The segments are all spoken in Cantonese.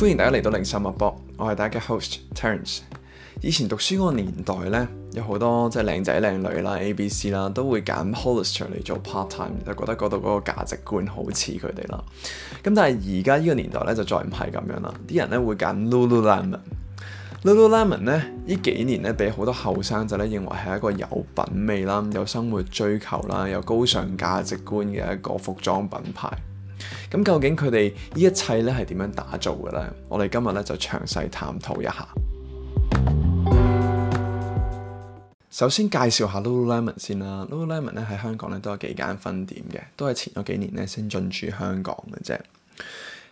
歡迎大家嚟到零售脈搏，我係大家嘅 host Terence。以前讀書嗰個年代呢，有好多即係靚仔靚女啦、A、B、C 啦，都會揀 Hollister 嚟做 part time，就覺得嗰度嗰個價值觀好似佢哋啦。咁但係而家呢個年代呢，就再唔係咁樣啦。啲人呢會揀 Lululemon，Lululemon 呢，呢幾年呢，俾好多後生仔咧認為係一個有品味啦、有生活追求啦、有高尚價值觀嘅一個服裝品牌。咁究竟佢哋呢一切咧係點樣打造嘅呢？我哋今日咧就詳細探討一下。首先介紹下 Lululemon 先啦，Lululemon 咧喺香港咧都有幾間分店嘅，都係前嗰幾年咧先進駐香港嘅啫。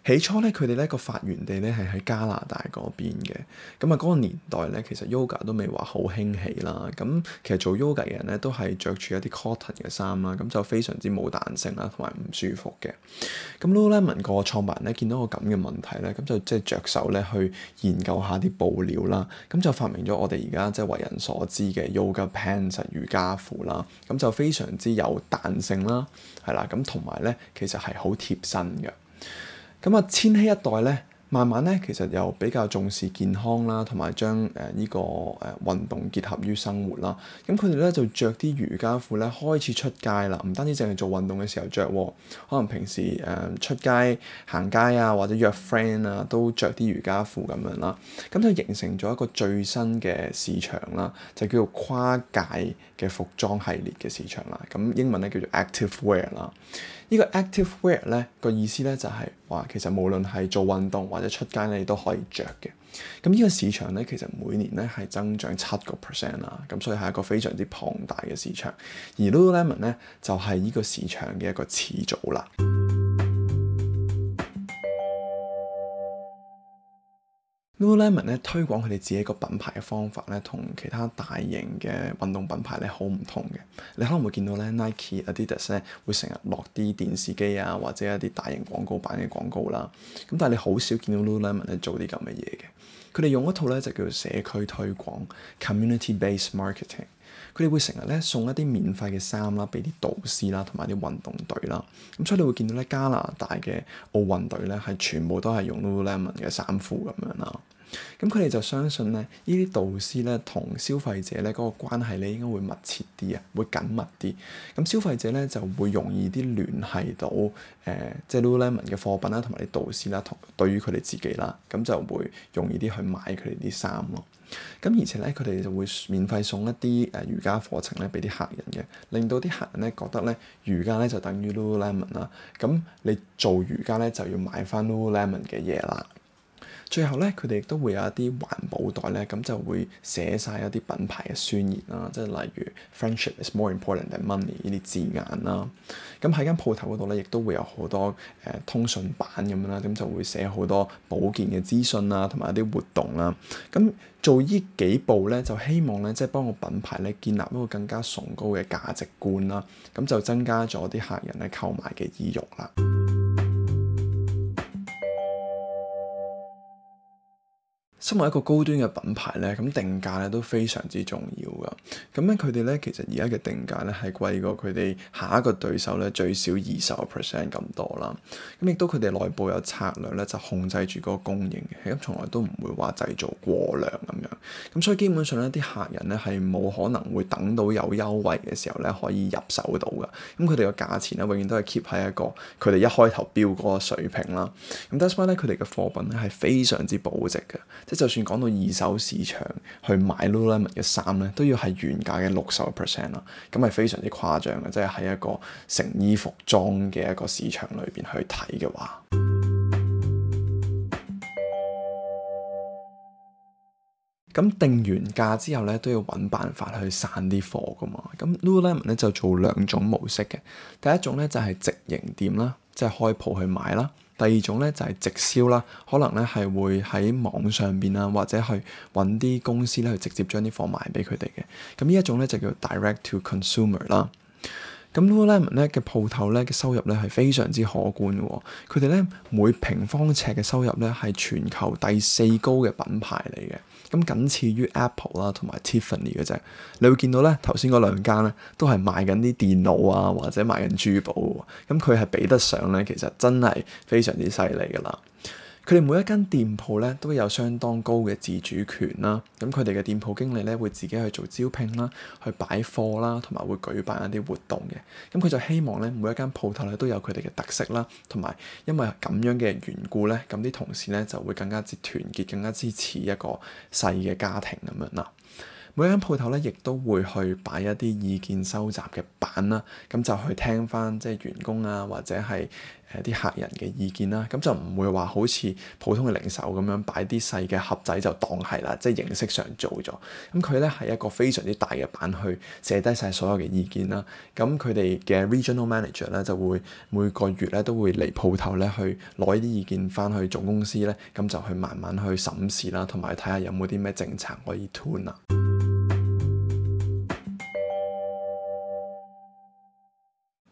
起初咧，佢哋咧個發源地咧係喺加拿大嗰邊嘅。咁啊，嗰個年代咧，其實 yoga 都未話好興起啦。咁其實做 yoga 嘅人咧都係着住一啲 cotton 嘅衫啦，咁就非常之冇彈性啦，同埋唔舒服嘅。咁 Lululemon 個創辦人咧見到個咁嘅問題咧，咁就即係着手咧去研究下啲布料啦。咁就發明咗我哋而家即係為人所知嘅 yoga pants 瑜伽褲啦。咁就非常之有彈性啦，係啦。咁同埋咧，其實係好貼身嘅。咁啊、嗯，千禧一代咧。慢慢咧，其實又比較重視健康啦，同埋將誒呢個誒運、呃、動結合於生活啦。咁佢哋咧就着啲瑜伽褲咧開始出街啦，唔單止淨係做運動嘅時候着、啊，可能平時誒、呃、出街行街啊，或者約 friend 啊，都着啲瑜伽褲咁樣啦。咁就形成咗一個最新嘅市場啦，就叫做跨界嘅服裝系列嘅市場啦。咁英文咧叫做 active wear 啦。呢、這個 active wear 咧個意思咧就係、是、話，其實無論係做運動或者出街你都可以着嘅，咁、這、呢個市場咧其實每年咧係增長七個 percent 啦，咁所以係一個非常之龐大嘅市場，而 Lululemon 咧就係、是、呢個市場嘅一個始祖啦。Lululemon 咧推廣佢哋自己個品牌嘅方法咧，同其他大型嘅運動品牌咧好唔同嘅。你可能會見到咧 Nike、Adidas 咧會成日落啲電視機啊，或者一啲大型廣告版嘅廣告啦。咁但係你好少見到 Lululemon 咧做啲咁嘅嘢嘅。佢哋用一套咧就叫做社區推廣 Community Based Marketing。佢哋會成日咧送一啲免費嘅衫啦，俾啲導師啦，同埋啲運動隊啦。咁所以你會見到咧，加拿大嘅奧運隊咧係全部都係用 Lululemon 嘅衫褲咁樣啦。咁佢哋就相信咧，呢啲導師咧同消費者咧嗰個關係咧應該會密切啲啊，會緊密啲。咁消費者咧就會容易啲聯繫到誒，即係 Lululemon 嘅貨品啦，同埋啲導師啦，同對於佢哋自己啦，咁就會容易啲去買佢哋啲衫咯。咁而且咧，佢哋就會免費送一啲誒瑜伽課程咧俾啲客人嘅，令到啲客人咧覺得咧瑜伽咧就等於 Lululemon 啦。咁你做瑜伽咧就要買翻 Lululemon 嘅嘢啦。最後咧，佢哋亦都會有一啲環保袋咧，咁就會寫晒一啲品牌嘅宣言啦，即係例如 friendship is more important than money 呢啲字眼啦。咁喺間鋪頭嗰度咧，亦都會有好多誒、呃、通訊版咁樣啦，咁就會寫好多保健嘅資訊啦，同埋一啲活動啦。咁做呢幾步咧，就希望咧，即係幫個品牌咧建立一個更加崇高嘅價值觀啦。咁就增加咗啲客人咧購買嘅意欲啦。身為一個高端嘅品牌咧，咁定價咧都非常之重要噶。咁咧佢哋咧其實而家嘅定價咧係貴過佢哋下一個對手咧最少二十個 percent 咁多啦。咁亦都佢哋內部有策略咧就控制住個供應，咁從來都唔會話製造過量咁樣。咁所以基本上咧啲客人咧係冇可能會等到有優惠嘅時候咧可以入手到噶。咁佢哋嘅價錢咧永遠都係 keep 喺一個佢哋一開頭標嗰個水平啦。咁 that's why 咧佢哋嘅貨品咧係非常之保值嘅。就算講到二手市場去買 Lululemon 嘅衫咧，都要係原價嘅六十 percent 啦，咁係非常之誇張嘅，即係喺一個成衣服裝嘅一個市場裏邊去睇嘅話，咁定完價之後咧，都要揾辦法去散啲貨噶嘛。咁 Lululemon 咧就做兩種模式嘅，第一種咧就係直營店啦，即係開鋪去買啦。第二種咧就係直銷啦，可能咧係會喺網上邊啊，或者去揾啲公司咧去直接將啲貨賣俾佢哋嘅，咁呢一種咧就叫 Direct to Consumer 啦。咁 Lululemon 咧嘅鋪頭咧嘅收入咧係非常之可觀嘅喎，佢哋咧每平方尺嘅收入咧係全球第四高嘅品牌嚟嘅，咁僅次於 Apple 啦同埋 Tiffany 嘅啫。你會見到咧頭先嗰兩間咧都係賣緊啲電腦啊或者賣緊珠寶喎，咁佢係比得上咧，其實真係非常之犀利㗎啦。佢哋每一間店鋪咧都有相當高嘅自主權啦，咁佢哋嘅店鋪經理咧會自己去做招聘啦、去擺貨啦，同埋會舉辦一啲活動嘅。咁佢就希望咧每一間鋪頭咧都有佢哋嘅特色啦，同埋因為咁樣嘅緣故咧，咁啲同事咧就會更加之團結，更加之似一個細嘅家庭咁樣啦。每間鋪頭咧，亦都會去擺一啲意見收集嘅板啦，咁就去聽翻即係員工啊，或者係誒啲客人嘅意見啦。咁就唔會話好似普通嘅零售咁樣擺啲細嘅盒仔就當係啦，即係形式上做咗。咁佢咧係一個非常之大嘅板去寫低晒所有嘅意見啦。咁佢哋嘅 Regional Manager 咧就會每個月咧都會嚟鋪頭咧去攞呢啲意見翻去總公司咧，咁就去慢慢去審視啦，同埋睇下有冇啲咩政策可以 tune 啦。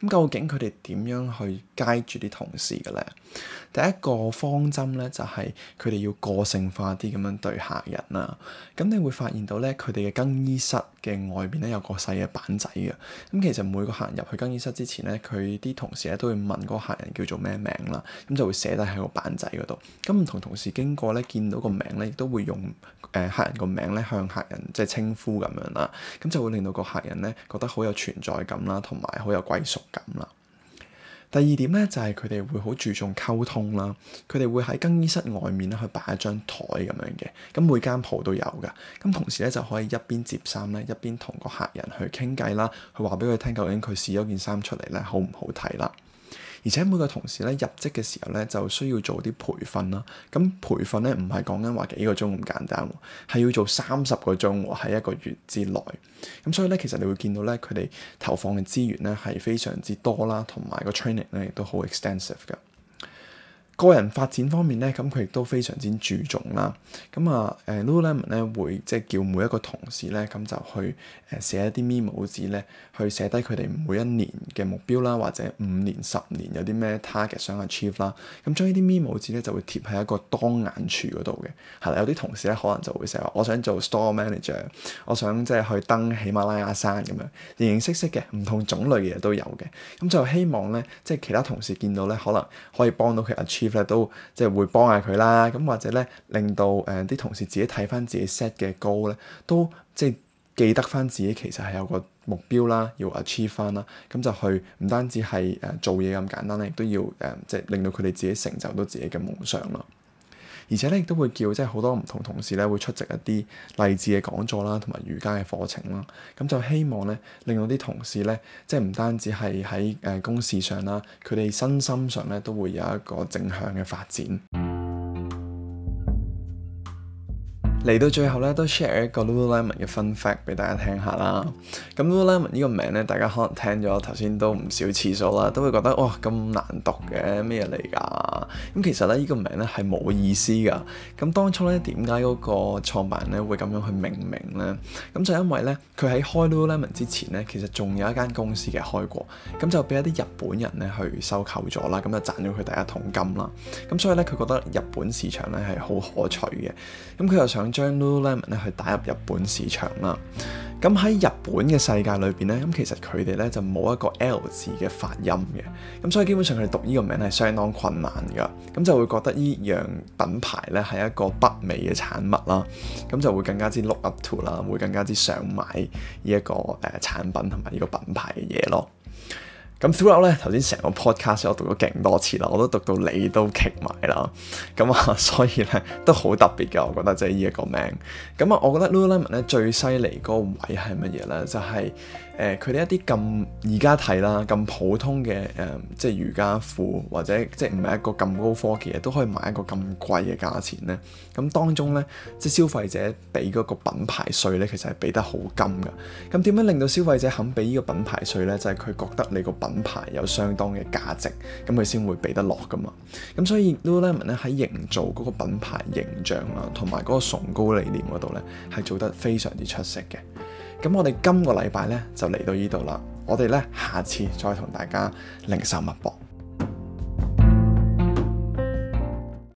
咁究竟佢哋點樣去街住啲同事嘅咧？第一個方針咧就係佢哋要個性化啲咁樣對客人啦。咁你會發現到咧，佢哋嘅更衣室嘅外面咧有個細嘅板仔嘅。咁其實每個客人入去更衣室之前咧，佢啲同事咧都會問嗰個客人叫做咩名啦。咁就會寫低喺個板仔嗰度。咁唔同同事經過咧，見到個名咧，亦都會用誒、呃、客人個名咧向客人即係稱呼咁樣啦。咁就會令到個客人咧覺得好有存在感啦，同埋好有歸屬。咁啦，第二點咧就係佢哋會好注重溝通啦，佢哋會喺更衣室外面咧去擺一張台咁樣嘅，咁每間鋪都有噶，咁同時咧就可以一邊接衫咧，一邊同個客人去傾偈啦，去話俾佢聽究竟佢試咗件衫出嚟咧好唔好睇啦。而且每個同事咧入職嘅時候咧就需要做啲培訓啦，咁培訓咧唔係講緊話幾個鐘咁簡單喎，係要做三十個鐘喎喺一個月之內，咁所以咧其實你會見到咧佢哋投放嘅資源咧係非常之多啦，同埋個 training 咧亦都好 extensive 㗎。個人發展方面咧，咁佢亦都非常之注重啦。咁啊，誒 Lululemon 咧會即係叫每一個同事咧，咁就去誒寫一啲 memo 紙咧，去寫低佢哋每一年嘅目標啦，或者五年、十年有啲咩 target 想 achieve 啦。咁將呢啲 memo 紙咧就會貼喺一個當眼處嗰度嘅，係啦。有啲同事咧可能就會寫話，我想做 store manager，我想即係去登喜馬拉雅山咁樣，形形式式嘅唔同種類嘅嘢都有嘅。咁就希望咧，即係其他同事見到咧，可能可以幫到佢 achieve。都即係會幫下佢啦，咁或者咧令到誒啲同事自己睇翻自己 set 嘅 goal 咧，都即係記得翻自己其實係有個目標啦，要 achieve 翻啦，咁就去唔單止係誒做嘢咁簡單咧，亦都要誒即係令到佢哋自己成就到自己嘅夢想咯。而且咧，亦都會叫即係好多唔同同事咧，會出席一啲勵志嘅講座啦，同埋瑜伽嘅課程啦。咁就希望咧，令到啲同事咧，即係唔單止係喺誒公事上啦，佢哋身心上咧，都會有一個正向嘅發展。嚟到最後咧，都 share 一個 Lululemon 嘅 fun fact 俾大家聽下啦。咁 Lululemon 呢個名咧，大家可能聽咗頭先都唔少次數啦，都會覺得哇咁、哦、難讀嘅咩嚟㗎？咁其實咧，呢、這個名咧係冇意思㗎。咁當初咧，點解嗰個創辦人咧會咁樣去命名呢？咁就因為咧，佢喺開 Lululemon 之前咧，其實仲有一間公司嘅開過，咁就俾一啲日本人咧去收購咗啦，咁就賺咗佢第一桶金啦。咁所以咧，佢覺得日本市場咧係好可取嘅，咁佢又想。將 Lululemon 咧去打入日本市場啦，咁喺日本嘅世界裏邊咧，咁其實佢哋咧就冇一個 L 字嘅發音嘅，咁所以基本上佢哋讀呢個名係相當困難噶，咁就會覺得呢樣品牌咧係一個北美嘅產物啦，咁就會更加之 look up to 啦，會更加之想買呢一個誒產品同埋呢個品牌嘅嘢咯。咁 throughout 咧，頭先成個 podcast 我讀咗勁多次啦，我都讀到你都劇埋啦，咁啊，所以咧都好特別嘅，我覺得即係呢一個名。咁啊，我覺得 Lululemon 咧最犀利嗰個位係乜嘢咧？就係、是。誒佢哋一啲咁而家睇啦，咁普通嘅誒、呃，即係瑜伽褲或者即係唔係一個咁高科技嘅都可以買一個咁貴嘅價錢咧。咁當中咧，即係消費者俾嗰個品牌稅咧，其實係俾得好金噶。咁點樣令到消費者肯俾呢個品牌稅咧？就係、是、佢覺得你個品牌有相當嘅價值，咁佢先會俾得落噶嘛。咁所以 Lululemon 咧喺營造嗰個品牌形象啦、啊，同埋嗰個崇高理念嗰度咧，係做得非常之出色嘅。咁我哋今個禮拜呢就嚟到呢度啦，我哋呢下次再同大家零售脈搏。